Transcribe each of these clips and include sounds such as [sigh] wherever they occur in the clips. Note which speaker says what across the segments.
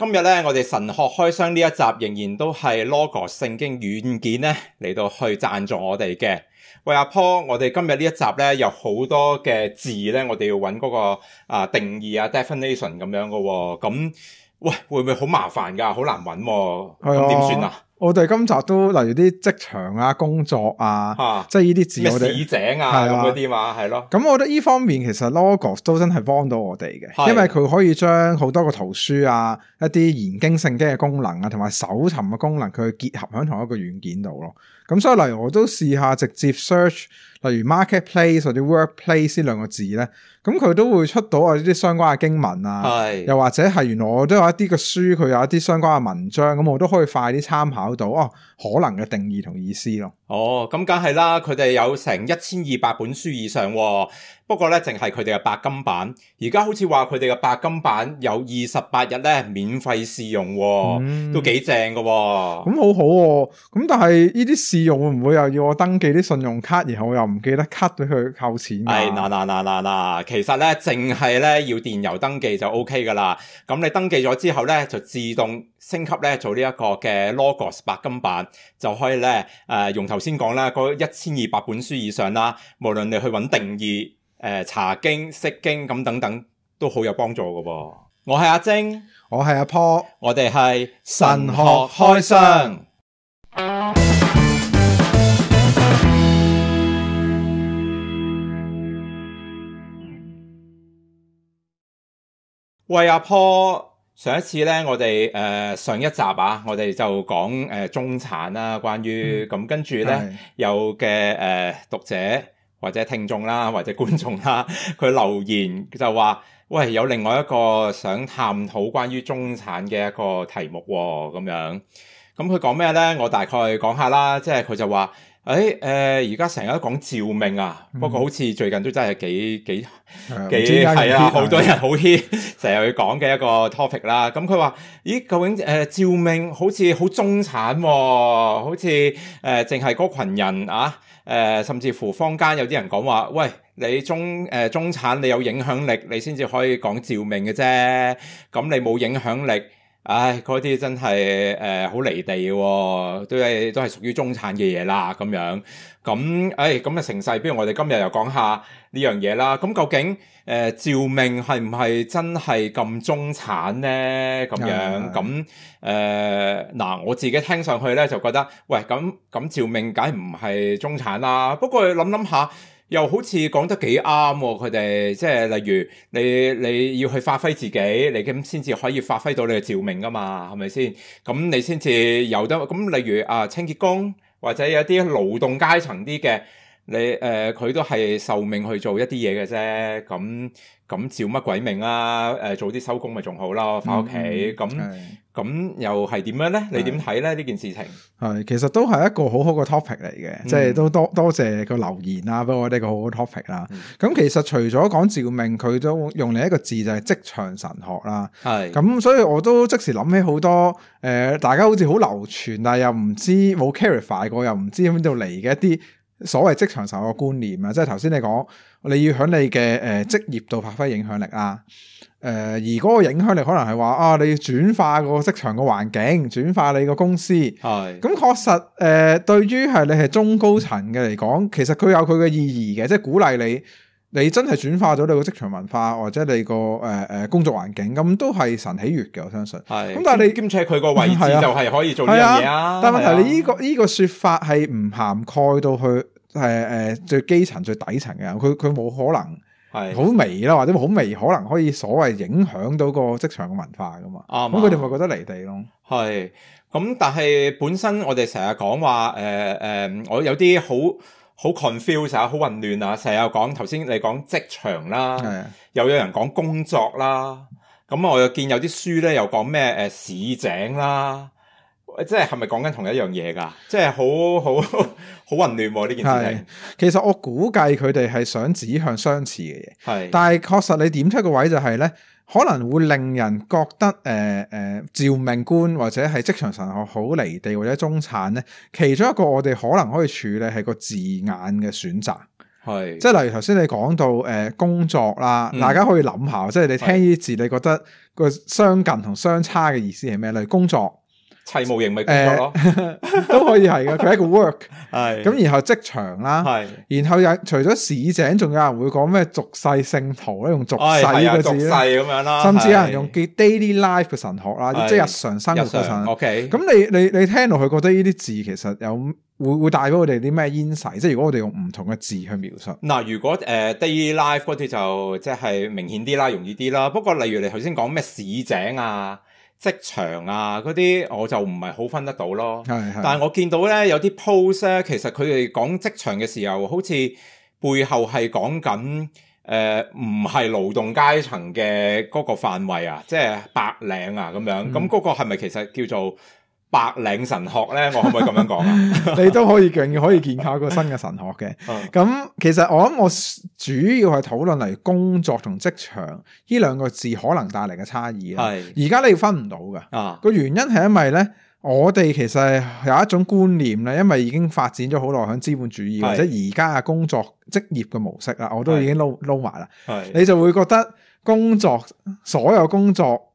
Speaker 1: 今日咧，我哋神學開箱呢一集仍然都係 Logos 聖經軟件咧嚟到去贊助我哋嘅。喂阿、啊、Paul，我哋今日呢一集咧有好多嘅字咧，我哋要揾嗰、那個啊、呃、定義啊 definition 咁樣噶。咁喂、啊，會唔會好麻煩噶？好難揾，咁點算啊？
Speaker 2: 我哋今集都例如啲職場啊、工作啊，啊即係呢啲字，我哋市井啊咁嗰啲
Speaker 1: 嘛，係咯。
Speaker 2: 咁我覺得呢方面其實 Logos 都真係幫到我哋嘅，是因為佢可以將好多個圖書啊、一啲研經聖經嘅功能啊，同埋搜尋嘅功能，佢結合喺同一個軟件度咯。咁所以例如我都試下直接 search。例如 marketplace 或者 workplace 呢兩個字咧，咁佢都會出到啊啲相關嘅經文啊，係是又或者係原來我都有一啲嘅書，佢有一啲相關嘅文章，咁我都可以快啲參考到哦，可能嘅定義同意思咯。
Speaker 1: 哦，咁梗係啦，佢哋有成一千二百本書以上，哦，不過咧淨係佢哋嘅白金版，而家好似話佢哋嘅白金版有二十八日咧免費試用，哦，嗯、都幾正噶，哦，
Speaker 2: 咁、嗯、好好、哦。咁但係呢啲試用會唔會又要我登記啲信用卡然後又？唔記得 cut 咗佢扣錢係嗱嗱嗱
Speaker 1: 嗱嗱，Ay, na, na, na, na, na. 其實咧淨係咧要電郵登記就 OK 噶啦。咁你登記咗之後咧，就自動升級咧做呢一個嘅 Logos 白金版，就可以咧誒、呃、用頭先講啦，嗰一千二百本書以上啦，無論你去搵定義誒、呃、查經釋經咁等等，都好有幫助噶噃。我係阿晶，我係阿坡，我哋係神學開箱。喂阿婆，上一次咧，我哋誒、呃、上一集啊，我哋就講誒、呃、中產啦、啊，關於咁、嗯、跟住咧的有嘅誒讀者或者聽眾啦，或者觀眾啦，佢留言就話：喂，有另外一個想探討關於中產嘅一個題目喎、哦，咁樣。咁佢講咩咧？我大概講下啦，即係佢就話。誒誒，而家成日都講召命啊，嗯、不過好似最近都真係幾幾、嗯、幾係、嗯、啊，好多人好 hit 成日去講嘅一個 topic 啦。咁佢話：咦，究竟誒、呃、召命好似好中產喎、啊？好似誒淨係嗰羣人啊誒、呃，甚至乎坊間有啲人講話：喂，你中誒、呃、中產，你有影響力，你先至可以講召命嘅啫。咁你冇影響力。唉，嗰啲真係誒好離地喎、哦，都係都係屬於中產嘅嘢啦，咁樣咁唉咁嘅成勢，不、哎、如我哋今日又講下呢樣嘢啦。咁、嗯、究竟誒、呃、召命係唔係真係咁中產咧？咁樣咁誒嗱，我自己聽上去咧就覺得，喂咁咁召命梗唔係中產啦。不過諗諗下。又好似講得幾啱喎，佢哋即係例如你你要去發揮自己，你咁先至可以發揮到你嘅召命啊嘛，係咪先？咁你先至有得咁，例如啊清潔工或者有啲勞動階層啲嘅。你誒、呃、佢都係受命去做一啲嘢嘅啫，咁咁照乜鬼命啊？誒、呃、早啲收工咪仲好咯，返屋企咁咁又係點樣咧？你點睇咧呢是 件事情？
Speaker 2: 係其實都係一個好好嘅 topic 嚟嘅，即係都多多謝個留言啊，俾我哋一個好好 topic 啦。咁其實除咗講照命，佢都用另一個字就係職場神學啦。係咁，所以我都即時諗起好多誒、呃，大家好似好流傳，但係又唔知冇 clarify 翻過，又唔知喺邊度嚟嘅一啲。所謂職場上個觀念啊，即係頭先你講，你要喺你嘅誒、呃、職業度發揮影響力啊，誒、呃、而嗰個影響力可能係話啊，你要轉化個職場個環境，轉化你個公司，係咁是確實誒、呃，對於係你係中高層嘅嚟講，其實佢有佢嘅意義嘅，即係鼓勵你。你真係轉化咗你個職場文化，或者你個誒誒工作環境，咁都係神喜悅嘅。我相信
Speaker 1: 係。咁是但係你兼且佢個位置就係可以做嘢啊。但係問題你呢、呢
Speaker 2: 個呢、呢個說法係唔涵蓋到去誒誒最基層最底層嘅人。佢佢冇可能係好微啦，的或者好微可能可以所謂影響到個職場嘅文化噶嘛。啱、啊。咁佢哋咪覺得離地咯。
Speaker 1: 係。咁但係本身我哋成日講話誒誒，我有啲好。好 confuse 啊，好混亂啊，成日講頭先你講職場啦，的又有人講工作啦，咁我又見有啲書咧又講咩誒市井啦。即係係咪講緊同一樣嘢噶？即係好好好混亂呢、啊、件事
Speaker 2: 其實我估計佢哋係想指向相似嘅嘢，係是。但係確實你點出個位就係、是、咧，可能會令人覺得誒誒，召命觀或者係職場神學好離地或者中產咧。其中一個我哋可能可以處理係個字眼嘅選擇，係
Speaker 1: 是。即
Speaker 2: 係例如頭先你講到誒、呃、工作啦，嗯、大家可以諗下，即係你聽呢啲字，是你覺得個相近同相差嘅意思係咩？例如工作。
Speaker 1: 砌模型咪咁
Speaker 2: 咯，都可以係噶，佢係一個 work。係咁，然後職場啦，係是然後又除咗市井，仲有人會講咩俗世聖徒咧，用俗世嘅字咧，咁樣啦。甚至有人用叫 daily life 嘅神學啦，即係日常生活嘅神學。咁你你你聽落去，覺得呢啲字其實有會會帶俾我哋啲咩 insight，即係如果我哋用唔同嘅字去描述
Speaker 1: 嗱，如果誒 daily life 嗰啲就即係明顯啲啦，容易啲啦。不過例如你頭先講咩市井啊？職場啊，嗰啲我就唔係好分得到咯。係係但係我見到咧，有啲 post 咧，其實佢哋講職場嘅時候，好似背後係講緊誒唔係勞動階層嘅嗰個範圍啊，即係白領啊咁樣。咁嗰、嗯、個係咪其實叫做？白領神學
Speaker 2: 咧，我可唔可以咁樣講啊？ [laughs] 你都可以，仲可以建構一個新嘅神學嘅。咁、 [laughs] 嗯、其實我諗我主要係討論嚟工作同職場呢兩個字可能帶嚟嘅差異啊。係而家你要分唔到噶啊個原因係因為咧，我哋其實係有一種觀念咧，因為已經發展咗好耐，喺資本主義是或者而家嘅工作職業嘅模式啊，我都已經撈撈埋啦。係你就會覺得工作所有工作。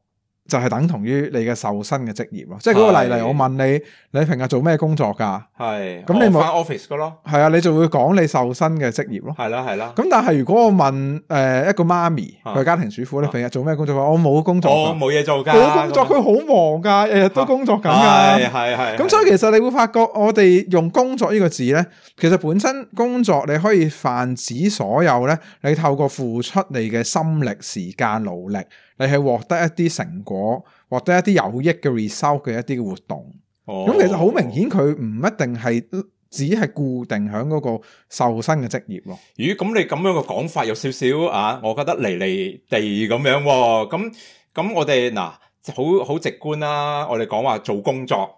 Speaker 2: 就係等同於你嘅受薪嘅職業，即係嗰個例例，我問你，你平日做咩工作噶？係
Speaker 1: 咁你咪返 office 噶咯？
Speaker 2: 係啊，你就會講你受薪嘅職業咯。係咯係咯。咁但係如果我問誒一個媽咪，佢家庭主婦，你平日做咩工作？我冇工作，我冇嘢做噶。冇工作？佢好忙噶，日日都工作緊噶。係係係。咁所以其實你會發覺，我哋用工作呢個字咧，其實本身工作你可以泛指所有咧，你透過付出你嘅心力、時間、努力。你係獲得一啲成果，獲得一啲有益嘅 result 嘅一啲活動，
Speaker 1: 咁、哦、其實好
Speaker 2: 明顯佢唔一定係只係固定喺嗰個瘦身嘅職業咯。
Speaker 1: 咦、呃？咁你咁樣嘅講法有少少啊？我覺得離離地咁樣，咁、啊、咁我哋嗱、啊、好好直觀啦。我哋講話做工作，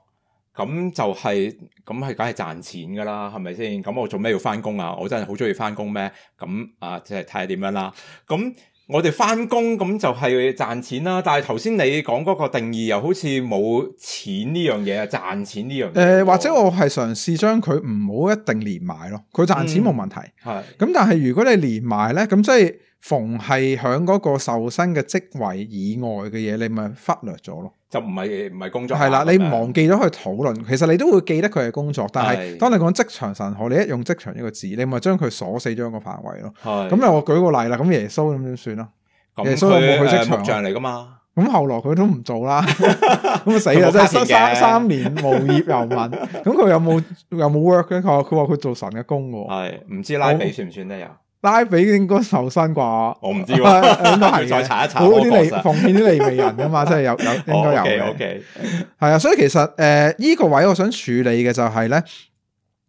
Speaker 1: 咁就係咁係梗係賺錢噶啦，係咪先？咁我做咩要翻工啊？我真係好中意翻工咩？咁啊，即係睇下點樣啦。咁。我哋翻工咁就係賺錢啦，但係頭先你講嗰個定義又好似冇錢呢樣嘢啊，賺錢呢樣
Speaker 2: 嘢誒，或者我係嘗試將佢唔好一定連埋咯，佢賺錢冇問題，係、嗯，咁但係如果你連埋咧，咁即係。逢係喺嗰個受薪嘅職位以外嘅嘢，你咪忽略咗咯，
Speaker 1: 就唔係唔係工作係啦，你忘
Speaker 2: 記咗去討論，其實你都會記得佢係工作，但係當你講職場神學，你一用職場呢個字，你咪將佢鎖死咗一個範圍咯。咁我舉個例啦，咁耶穌咁點算啦？耶穌有冇去職場嚟噶嘛？咁後來佢都唔做啦，
Speaker 1: 咁死啦，即係三三年無業游民。
Speaker 2: 咁佢有冇有冇 work？佢話佢做神嘅工喎，
Speaker 1: 係唔知拉比算唔算得又。
Speaker 2: 拉比應該受薪啩，我唔知喎，應該係再查一查。奉獻啲利未人啊嘛，真係有有，應該有。O K O K，係啊，所以其實誒呢、呃呢個位我想處理嘅就係咧。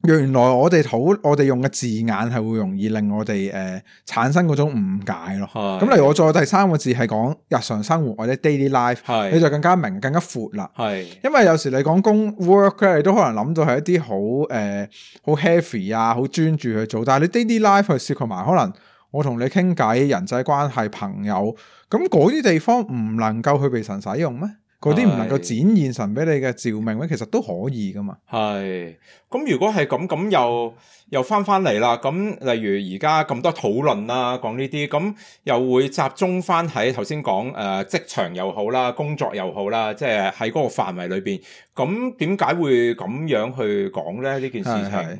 Speaker 2: 原來我哋好，我哋用嘅字眼係會容易令我哋誒、呃、產生嗰種誤解咯。咁是例如我再第三個字係講日常生活或者 daily life，是你就更加明，更加闊啦。是因為有時你講工 work 你都可能諗到係一啲好誒好 heavy 啊，好專注去做。但係你 daily life 去涉及埋可能我同你傾偈、人際關係、朋友，咁嗰啲地方唔能夠去被神使用咩？嗰啲唔能夠展現神俾你嘅召命咩，其實都可以噶嘛。
Speaker 1: 係。咁如果係咁，咁又又翻翻嚟啦。咁例如而家咁多討論啦，講呢啲，咁又會集中翻喺頭先講誒，職場又好啦，工作又好啦，即係喺嗰個範圍裏邊。咁點解會咁樣去講咧？呢件事情是是
Speaker 2: 對了。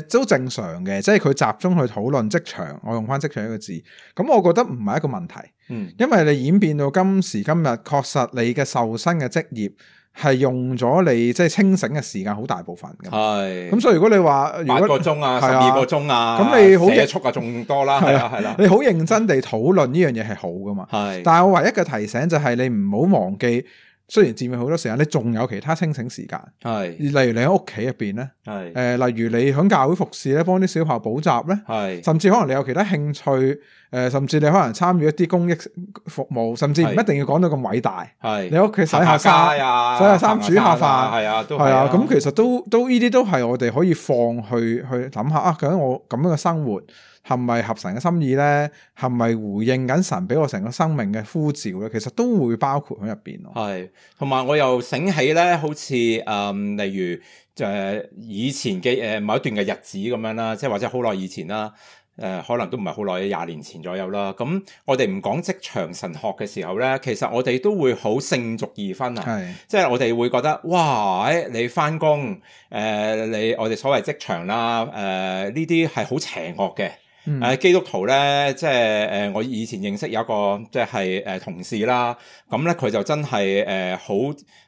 Speaker 2: 其實誒都正常嘅，即係佢集中去討論職場。我用翻職場呢個字，咁我覺得唔係一個問題。嗯，因為你演變到今時今日，確實你嘅受薪嘅職業。係用咗你即係清醒嘅時間好大部分咁，
Speaker 1: 係咁是、嗯、所
Speaker 2: 以如果你話一個鐘啊十二個鐘啊咁、啊、你好嘅速啊仲
Speaker 1: 多啦係啦係啦，你好
Speaker 2: 認真地討論呢樣嘢係好噶嘛係，是但係我唯一嘅提醒就係你唔好忘記。雖然佔用好多時間，你仲有其他清醒時間，係，例如你喺屋企入邊咧，係，誒，例如你喺教會服侍咧，幫啲小朋友補習咧，係是，甚至可能你有其他興趣，誒、呃，甚至你可能參與一啲公益服務，甚至唔一定要講到咁偉大，係是，你喺屋企洗下衫呀，下街啊、洗下衫煮下飯，係啊，都係啊，咁、啊、其實都都呢啲都係我哋可以放去去諗下啊，究竟我咁樣嘅生活。係咪合神嘅心意咧？係咪回應緊神俾我成個生命嘅呼召咧？其實都會包括喺入邊咯。
Speaker 1: 係，同埋我又醒起咧，好似誒、嗯，例如誒、呃、以前嘅誒、呃、某一段嘅日子咁樣啦，即係或者好耐以前啦，誒、呃、可能都唔係好耐，廿年前左右啦。咁、嗯、我哋唔講職場神學嘅時候咧，其實我哋都會好聖俗二分啊。係是，即係我哋會覺得，哇，誒你翻工，誒、呃、你我哋所謂職場啦，誒呢啲係好邪惡嘅。誒、啊、基督徒咧，即係誒、呃、我以前認識有一個，即係誒、呃、同事啦。咁咧佢就真係誒好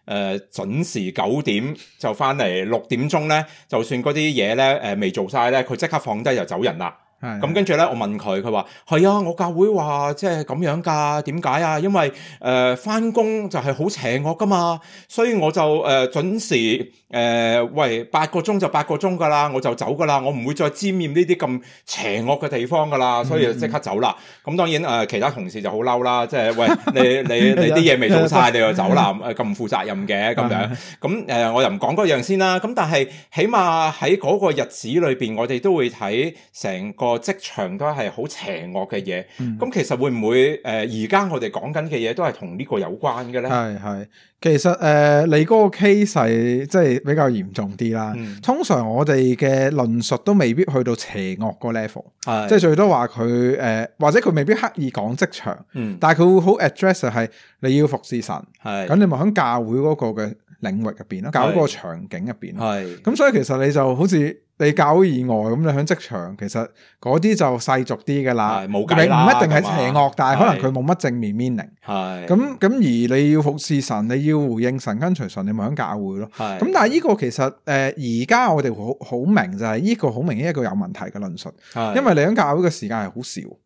Speaker 1: 誒準時九點就翻嚟，六點鐘咧，就算嗰啲嘢咧誒未做晒咧，佢即刻放低就走人啦。咁跟住咧，我問佢，佢話：係啊，我教會話即係咁樣㗎，點解啊？因為誒返工就係好邪惡㗎嘛，所以我就誒、呃、準時誒、呃、喂八個鐘就八個鐘㗎啦，我就走㗎啦，我唔會再沾染呢啲咁邪惡嘅地方㗎啦，所以即刻走啦。咁、嗯、當然誒、呃，其他同事就好嬲啦，即係喂你你你啲嘢未做晒， [laughs] 你就走啦，咁咁唔負責任嘅咁樣。咁誒，我又唔講嗰樣先啦。咁但係起碼喺嗰個日子裏邊，我哋都會睇成個個職場都係好邪惡嘅嘢，咁、嗯、其實會唔會誒而家我哋講緊嘅嘢都係同呢個有關嘅咧？係係，
Speaker 2: 其實誒、呃、你嗰個 case 即係比較嚴重啲啦。通常我哋嘅論述都未必去到邪惡個 level，係即係最多話佢誒或者佢未必刻意講職場是，嗯，但係佢會好 address 就係你要服侍神，係咁是你咪喺教會嗰個嘅領域入邊咯，搞個場景入邊，係咁，所以其實你就好似。你教會以外咁，你喺職場其實嗰啲就世俗啲噶啦，係咪？唔一定係邪惡，但係可能佢冇乜正面 meaning。
Speaker 1: 係是。咁
Speaker 2: 咁而你要服侍神，你要回應神跟隨神，你咪喺教會咯。係是。咁但係呢個其實誒，而、呃、家我哋好好明就係呢個好明顯一個有問題嘅論述。是因為你喺教會嘅時間係好少，誒、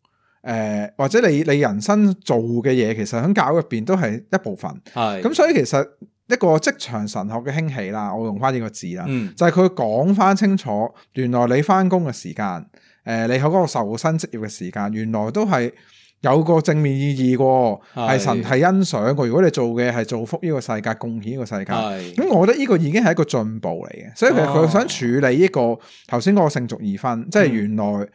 Speaker 2: 呃、或者你你人生做嘅嘢其實喺教會入邊都係一部分。
Speaker 1: 係是。咁所以
Speaker 2: 其實。一個職場神學嘅興起啦，我用翻呢個字啦，嗯、就係佢講翻清楚，原來你翻工嘅時間，誒、呃，你喺嗰個受薪職業嘅時間，原來都係有個正面意義喎，係是神係欣賞過。如果你做嘅係造福呢個世界、貢獻呢個世界，咁是我覺得呢個已經係一個進步嚟嘅。所以其實佢想處理呢、這個頭先嗰個聖俗二分，即係原來。嗯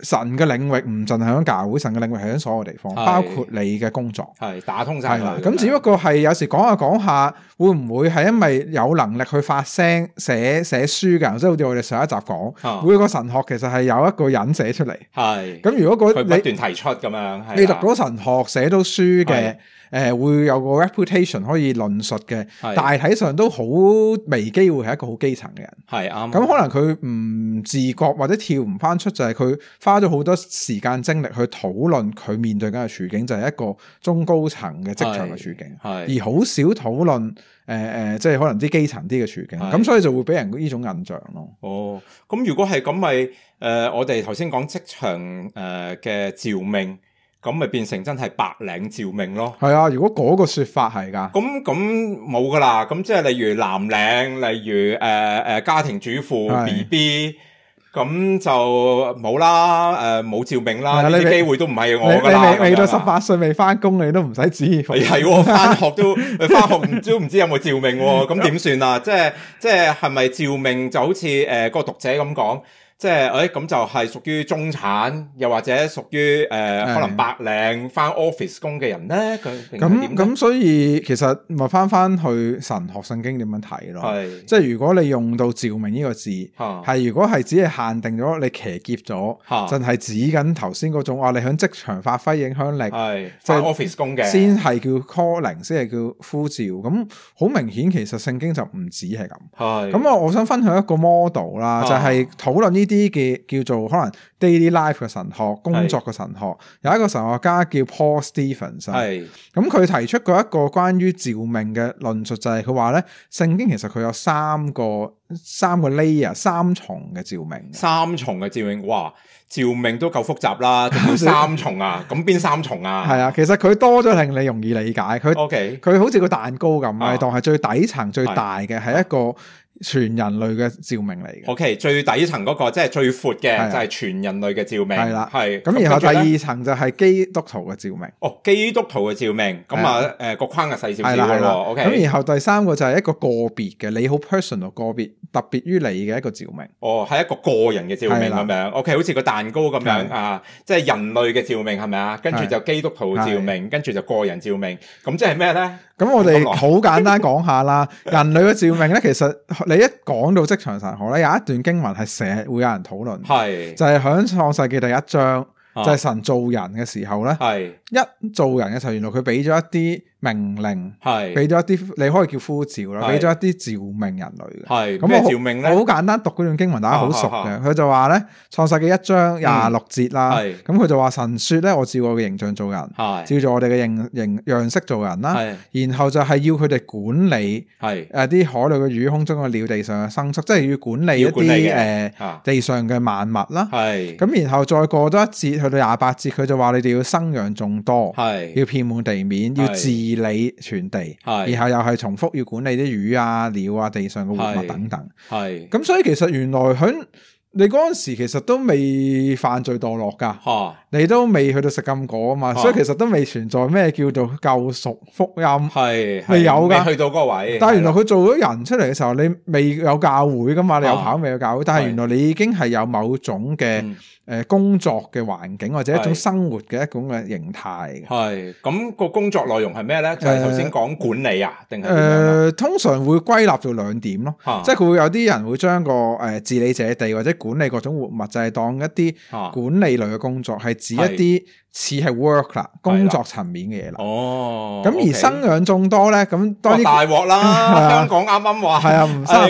Speaker 2: 神嘅領域唔盡係喺教會，神嘅領域係喺所有地方，的包括你嘅工作，係
Speaker 1: 打通晒。係啦，咁
Speaker 2: 只不過係有時講下講下，會唔會係因為有能力去發聲、寫寫書噶？即係好似我哋上一集講，哦、每個神學其實係有一個人寫出嚟。
Speaker 1: 係的，咁如果佢你不斷提出咁樣，你讀到
Speaker 2: 神學寫到書嘅。誒、呃、會有個 reputation 可以論述嘅。是大體上都好微機會係一個好基層嘅人。
Speaker 1: 係啱。咁、嗯、
Speaker 2: 可能佢唔自覺或者跳唔返出，就係、是、佢花咗好多時間精力去討論佢面對緊嘅處境，就係、是、一個中高層嘅職場嘅處境，而好少討論誒誒，即係可能啲基層啲嘅處境。咁是、嗯、所以就會俾人呢種印象咯。
Speaker 1: 哦，咁如果係咁，咪誒、呃、我哋頭先講職場誒嘅召命，咁咪變成真係白領召命咯？
Speaker 2: 係啊，如果嗰個説法係㗎。咁
Speaker 1: 咁冇㗎啦。咁即係例如藍領，例如誒誒、呃、家庭主婦 B B，咁就冇啦。誒冇召命啦，啲、啊、機會都唔係我㗎啦吧。未到十
Speaker 2: 八歲未返工，你都唔使指意。係啊，
Speaker 1: 返學都返 [laughs] 學都唔知有冇召命喎。咁點算啊？即係即係係咪召命就好似誒個讀者咁講？即係，誒、哎，咁就係屬於中產，又或者屬於誒，呃嗯、可能白領翻 office、嗯、工嘅人咧，佢咁
Speaker 2: 咁，所以其實咪翻翻去神學聖經點樣睇咯？係是，即係如果你用到召命呢個字，係 [noise] 如果係只係限定咗你騎劫咗，吓真係指緊頭先種，啊，你響職場發揮影響力，係翻 office 工嘅， [noise] [noise] 是先係叫 calling，先係叫呼召，咁好明顯其實聖經就唔止係咁。係，咁 [noise] 啊聲我想分享一個 model 啦， [noise] 就係討論呢啲。叫做可能 daily life 嘅神學，工作嘅神學，是有一個神學家叫 Paul Stevens，o n 咁佢是、嗯、提出過一個關於召命嘅論述，就係佢話咧聖經其實佢有三個三個 layer，三
Speaker 1: 重嘅召命，三重嘅召命哇，召命都夠複雜啦，三重啊，咁邊 [laughs] [laughs] 三重啊？係
Speaker 2: 啊，其實佢多咗令你容易理解佢，佢 Okay. 好似個蛋糕咁，係、啊、當係最底層最大嘅係一個。啊全人類嘅召命嚟嘅
Speaker 1: ，OK，最底層嗰個即係最闊嘅，就係全人類嘅召命，係啦，係。咁然後第二
Speaker 2: 層就係基督徒嘅召命，
Speaker 1: 哦，基督徒嘅召命，咁啊，誒個框係細少少咯，OK。咁然後
Speaker 2: 第三個就係一個個別嘅，你好 personal 個別，特別於你嘅一個召命，
Speaker 1: 哦，係一個個人嘅召命咁樣，OK，好似個蛋糕咁樣啊，即係人類嘅召命係咪啊？跟住就基督徒嘅召命，跟住就個人召命，咁即係咩咧？咁我哋好
Speaker 2: 簡單講下啦，人類嘅召命咧，其實。你一講到《職場神學》咧，有一段經文係成日會有人討論，是
Speaker 1: 就係
Speaker 2: 喺創世記第一章，啊、就係神造人嘅時候咧，是一造人嘅時候，原來佢俾咗一啲命令係俾咗一啲，你可以叫呼召啦，俾咗一啲召命人類
Speaker 1: 嘅。係咩召命咧？
Speaker 2: 好簡單，讀嗰段經文，大家好熟嘅。佢就話咧，創世記一章廿六節啦，咁佢就話神說咧，我照我嘅形象做人，照做我哋嘅形形樣式做人啦。然後就係要佢哋管理，誒啲海裡嘅魚、空中嘅鳥、地上嘅牲畜，即係要管理一啲誒地上嘅萬物啦。係咁，然後再過多一節去到廿八節，佢就話你哋要生養眾多，要遍滿地面，要自理傳遞，係，然後又係重複要管理啲魚啊、鳥啊、地上嘅活物等等，係。咁所以其實原來喺你嗰陣時，其實都未犯罪墮落噶。你都未去到食禁果啊嘛，哦、所以其實都未存在咩叫做救贖福
Speaker 1: 音，係係未有嘅。去到嗰個位，但係原來
Speaker 2: 佢做咗人出嚟嘅時候，你未有教會噶嘛？啊、你有跑未有教會，但係原來你已經係有某種嘅誒工作嘅環境，或者一種生活嘅一種嘅形態，
Speaker 1: 係咁、啊那個工作內容係咩咧？就係頭先講管理啊，定係誒？
Speaker 2: 通常會歸納到兩點咯，啊、即係佢會有啲人會將個誒治理者地或者管理各種活物，就係當一啲管理類嘅工作係。指一啲。似係 work 啦，工作層面嘅嘢啦。哦，咁而生養眾多咧，咁當然大鑊啦。香港
Speaker 1: 啱啱話係啊，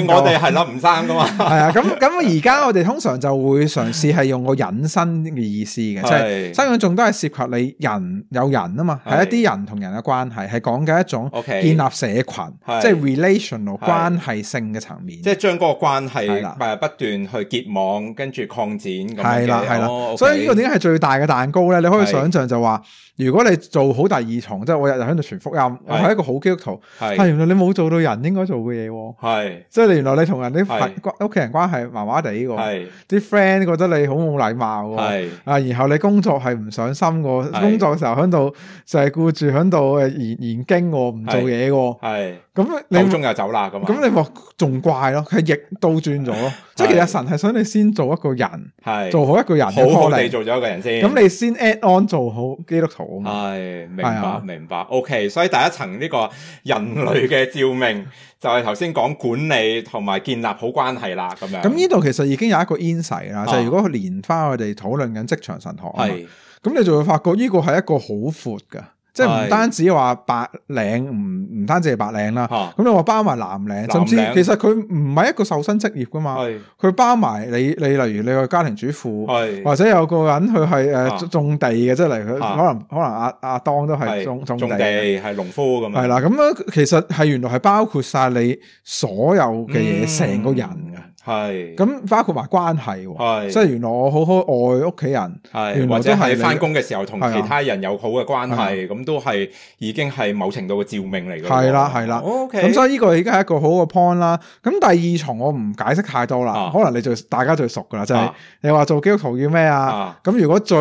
Speaker 1: 我哋係諗唔生噶嘛。
Speaker 2: 係啊，咁咁而家我哋通常就會嘗試係用個引申嘅意思嘅，即係生養眾多係涉及你人有人啊嘛，係一啲人同人嘅關係，係講緊一種建立社
Speaker 1: 群，即係
Speaker 2: relational 關係
Speaker 1: 性嘅層面，即係將嗰個關係不斷去結網，跟住擴展咁樣係啦，係啦，所以呢個點解係最
Speaker 2: 大嘅蛋糕咧，你可以。想象就話，如果你做好第二重，即係我日日喺度傳福音，我係一個好基督徒，係原來你冇做到人應該做嘅嘢，係，即係你原來你同人啲屋企人關係麻麻地個，啲 friend 覺得你好冇禮貌，係，啊然後你工作係唔上心個，工作嘅時候喺度就係顧住喺度誒研研經，唔做嘢個，
Speaker 1: 係，咁，你九鐘又走啦，咁，咁你話
Speaker 2: 仲怪咯，係逆倒轉咗咯，即係其實神係想你先做一個人，
Speaker 1: 係，做好一個人，好好地做咗一個人
Speaker 2: 先，咁你先 add on。做好基督徒
Speaker 1: 係明
Speaker 2: 白吧明白，明
Speaker 1: 白，OK。所以第一層呢個人類嘅召命， [laughs] 就係頭先講管理同埋建立好關係啦。咁樣
Speaker 2: 咁呢度其實已經有一個 insight 啦。就如果佢連翻我哋討論緊職場神學，係咁是你就會發覺呢個係一個好闊噶即係唔單止話白領，唔唔單止係白領啦。咁你話包埋藍領，甚至其實佢唔係一個受薪職業㗎嘛。佢、啊、包埋你，你例如你個家庭主婦，啊、或者有個人佢係誒種地嘅，啊啊、即係例如可能可能阿阿當都係種種地，係地、啊、
Speaker 1: 農夫咁。係
Speaker 2: 啦，咁、嗯、樣其實係原來係包括晒你所有嘅嘢，成、嗯、個人嘅。係，咁包括埋關係
Speaker 1: 喎，係，即係原
Speaker 2: 來我好好愛屋企人，係，或者係翻工嘅
Speaker 1: 時候同其他人有好嘅關係，咁都係已經係某程度嘅召命嚟嘅，係啦係
Speaker 2: 啦，OK，咁所以呢個已經係一個好嘅 point 啦。咁第二重我唔解釋太多啦，可能你最大家最熟噶啦，就係你話做基督徒叫咩啊？咁如果最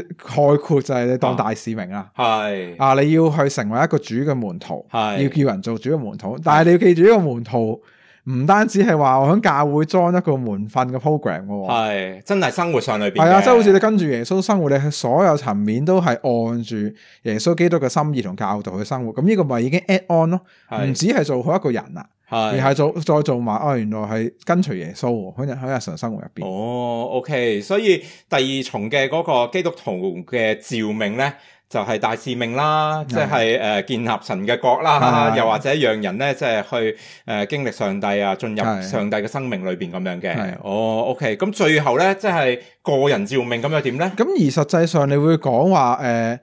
Speaker 2: 概括就係你當大使命啦，
Speaker 1: 係，
Speaker 2: 啊你要去成為一個主嘅門徒，係，要叫人做主嘅門徒，但係你要記住呢個門徒。唔單止係話我喺教會裝一個門訓嘅 program 喎，係
Speaker 1: 真係生活上裏邊係啊，即係好
Speaker 2: 似你跟住耶穌生活，你喺所有層面都係按住耶穌基督嘅心意同教導去生活，咁、這、呢個咪已經 add on 咯，唔止係做好一個人啦，是而係做再做埋啊、哦，原來係跟隨耶穌喺喺日常生活入邊。哦
Speaker 1: ，OK，所以第二重嘅嗰個基督徒嘅召命咧。就係大使命啦，即係誒建立神嘅國啦，對又或者讓人咧，即係去誒、呃、經歷上帝啊，進入上帝嘅生命裏邊咁樣嘅。係哦對、oh，OK。咁最後咧，即、就、係、是、個人召命咁又點咧？
Speaker 2: 咁而實際上，你會講話誒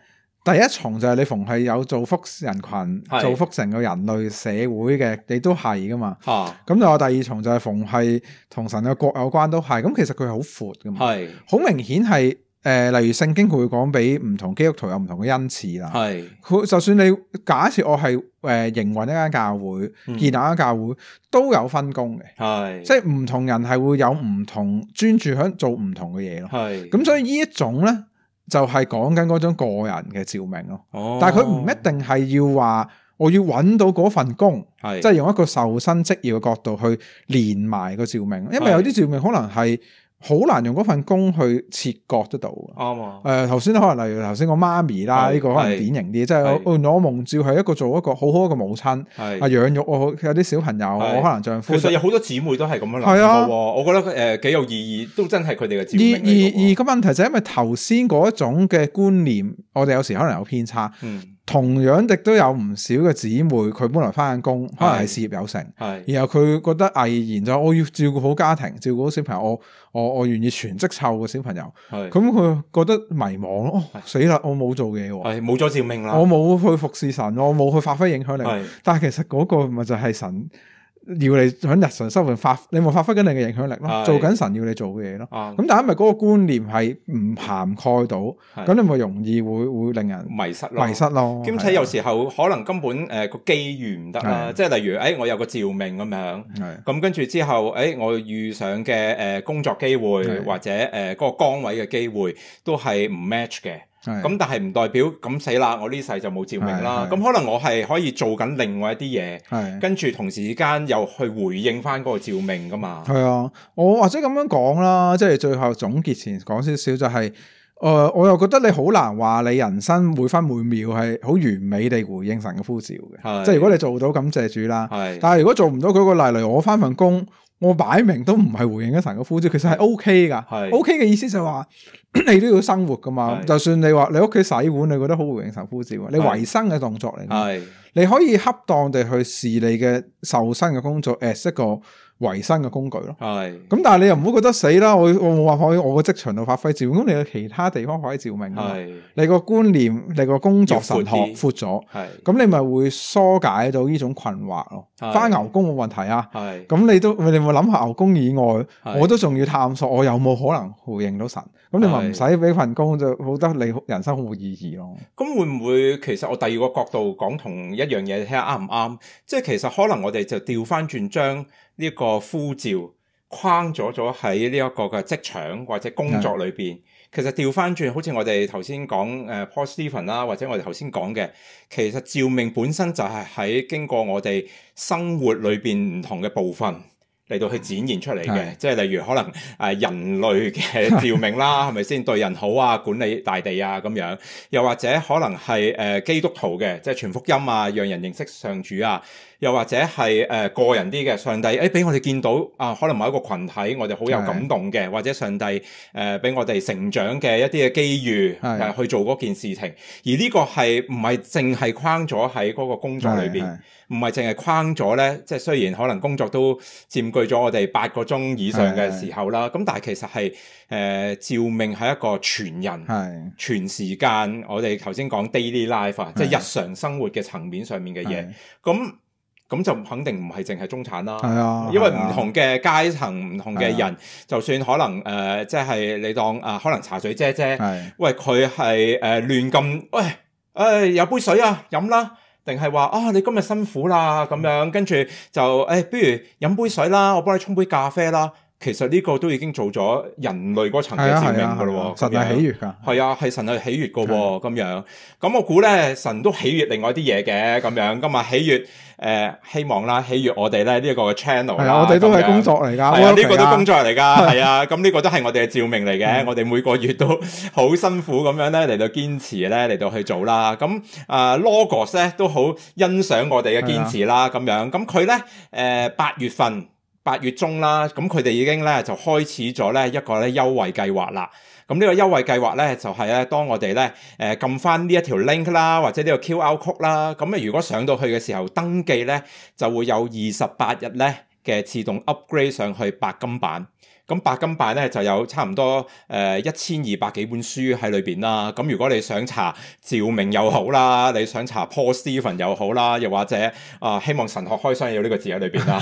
Speaker 2: 第一重就係你逢係有造福人群、造是福成個人類社會嘅，你都係噶嘛？啊！咁就第二重就係逢係同神嘅國有關都係。咁其實佢係好闊噶嘛，係好是明顯係。誒，例如聖經佢會講俾唔同基督徒有唔同嘅恩賜啦。係，佢就算你假設我係誒營運一間教會，建立一間教會，都有分工嘅。係，即係唔同人係會有唔同專注響做唔同嘅嘢咯。係，咁所以呢一種咧，就係講緊嗰種個人嘅召命咯。哦，但係佢唔一定係要話我要搵到嗰份工，係，即係用一個受薪職業嘅角度去連埋個召命，因為有啲召命可能係。好難用嗰份工去切割得到。
Speaker 1: 啱
Speaker 2: 誒、嗯，頭先可能例如頭先個媽咪啦，呢、哦、個可能典型啲，是即係我蒙召係一個做一個好好嘅母親，係啊是，養育我有啲小朋友，是我可能丈夫其實有
Speaker 1: 好多姊妹都係咁樣諗啊，我覺得誒幾、呃、有意義，都真係佢哋嘅召命。而
Speaker 2: 而個問題就係因為頭先嗰種嘅觀念，我哋有時可能有偏差。嗯。同樣亦都有唔少嘅姊妹，佢本來翻緊工，可能係事業有成，是的 然後佢覺得毅然就我要照顧好家庭，照顧好小朋友，我我我願意全職湊個小朋友，咁佢是的 覺得迷茫咯，哦、是的 死啦，我冇做嘢喎，冇咗召命啦，我冇去服侍神，我冇去發揮影響力，是的 但係其實嗰個咪就係神。要你喺日常生活發，你咪發揮緊你嘅影響力咯，的做緊神要你做嘅嘢咯。咁、嗯、但係咪嗰個觀念係唔涵蓋到？咁的你咪容易會會令人迷失咯。迷失咯。兼且有時
Speaker 1: 候可能根本誒個、呃、機遇唔得啦，的即係例如誒、哎、我有個召命咁樣，咁的跟住之後誒、哎、我遇上嘅誒、呃、工作機會的或者誒嗰個崗位嘅機會都係唔 match 嘅。咁但係唔代表咁死啦，我呢世就冇召命啦。咁的可能我係可以做緊另外一啲嘢，的跟住同時間又去回應翻嗰個召命噶嘛。係
Speaker 2: 啊，我或者咁樣講啦，即係最後總結前講少少就係、是，誒、呃，我又覺得你好難話你人生每分每秒係好完美地回應神嘅呼召嘅。的即係如果你做到感謝主啦，的但係如果做唔到佢個例嚟我翻份工，我擺明都唔係回應神嘅呼召，其實係 O K 噶，O K 嘅意思就係話 [coughs] 你都要生活噶嘛，是就算你話你屋企洗碗，你覺得好回應神呼召，是你維生嘅動作嚟，是你可以恰當地去視你嘅受身嘅工作，誒是，一個維生嘅工具咯，係咁是但係你又唔好覺得死啦，我我冇辦法喺我嘅職場度發揮召命，咁你嘅其他地方可以召命，係你個觀念，你個工作神學闊咗，係咁你咪會疏解到呢種困惑咯。返是牛工冇問題啊，係咁是你都你咪諗下牛工以外，是我都仲要探索，我有冇可能回應到神？咁是你咪唔使俾份工就覺得你人生好冇意義咯。
Speaker 1: 咁會唔會其實我第二個角度講同一樣嘢，睇下啱唔啱？即係其實可能我哋就調返轉將。呢一個呼召框咗咗喺呢一個嘅職場或者工作裏邊的，其實調翻轉，好似我哋頭先講誒 Paul Stevens 啦，或者我哋頭先講嘅，其實召命本身就係喺經過我哋生活裏邊唔同嘅部分嚟到去展現出嚟嘅。的即係例如可能誒人類嘅召命啦，係咪先對人好啊？管理大地啊咁樣，又或者可能係誒基督徒嘅，即係傳福音啊，讓人認識上主啊。又或者係誒個人啲嘅上帝，誒俾我哋見到啊，可能某一個群體，我哋好有感動嘅，或者上帝誒俾我哋成長嘅一啲嘅機遇，係去做嗰件事情。而呢個係唔係淨係框咗喺嗰個工作裏邊？唔係淨係框咗咧，即係雖然可能工作都佔據咗我哋八個鐘以上嘅時候啦。咁但係其實係誒召命係一個全人、全時間。我哋頭先講 daily life，即係日常生活嘅層面上面嘅嘢。咁咁就肯定唔係淨係中產啦，啊、因為唔同嘅階層、唔、啊、同嘅人，啊、就算可能誒，即、呃、係、就是、你當誒、呃、可能茶水姐姐，啊、喂佢係誒亂咁，喂誒有杯水啊飲啦，定係話啊你今日辛苦啦咁樣，跟住就誒，不、哎、如飲杯水啦，我幫你沖杯咖啡啦。其實呢個都已經做咗人類嗰層嘅召命噶咯，神嘅喜悦噶，係啊，係神嘅喜悦噶，咁樣。咁我估咧，神都喜悦另外一啲嘢嘅，咁樣。咁啊，喜悦，誒，希望啦，喜悦我哋咧呢一個 channel，係啊，我哋都係工作嚟噶，係啊，呢個都工作嚟噶，係啊，咁呢個都係我哋嘅召命嚟嘅，我哋每個月都好辛苦咁樣咧嚟到堅持咧嚟到去做啦。咁啊，Logos 咧都好欣賞我哋嘅堅持啦，咁樣。咁佢咧，誒，八月份。八月中啦，咁佢哋已經咧就開始咗咧一個咧優惠計劃啦。咁呢個優惠計劃咧就係咧，當我哋咧誒撳翻呢一條 link 啦，或者呢個 QR code 啦，咁啊如果上到去嘅時候登記咧，就會有二十八日咧嘅自動 upgrade 上去白金版。咁白金版咧就有差唔多誒一千二百幾本書喺裏邊啦。咁如果你想查召命又好啦，你想查 Paul Stevens 又好啦，又或者啊、呃、希望神學開箱有呢個字喺裏邊啦，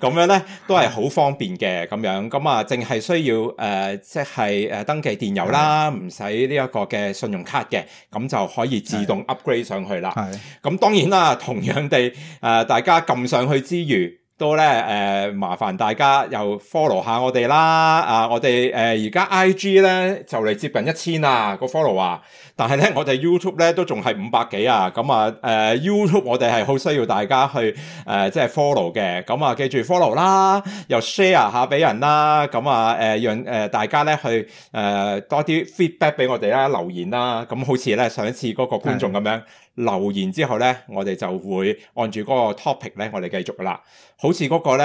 Speaker 1: 咁 [laughs] 樣咧都係好方便嘅咁樣。咁啊，淨係需要誒、呃、即係誒登記電郵啦，唔使呢一個嘅信用卡嘅，咁就可以自動 upgrade 上去啦。係。咁當然啦，同樣地誒、呃，大家撳上去之餘，都咧誒、呃，麻煩大家又 follow 下我哋啦！啊，我哋誒而家 IG 咧就嚟接近一千啊個 follow 啊，但係咧我哋 YouTube 咧都仲係五百幾啊，咁啊誒 YouTube 我哋係好需要大家去誒、呃、即係 follow 嘅。咁啊記住 follow 啦，又 share 下俾人啦，咁啊誒、呃、讓誒大家咧去誒、呃、多啲 feedback 俾我哋啦，留言啦，咁好似咧上一次嗰個觀眾咁樣。留言之後呢，我哋就會按住嗰個 topic 呢，我哋繼續啦。好似嗰個呢，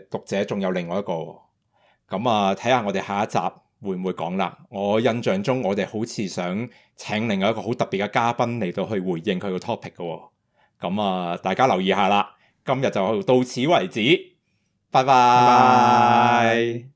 Speaker 1: 誒讀者仲有另外一個，咁啊，睇下我哋下一集會唔會講啦。我印象中我哋好似想請另外一個好特別嘅嘉賓嚟到去回應佢個 topic 嘅，咁啊，大家留意下啦。今日就到此為止，拜拜。拜拜。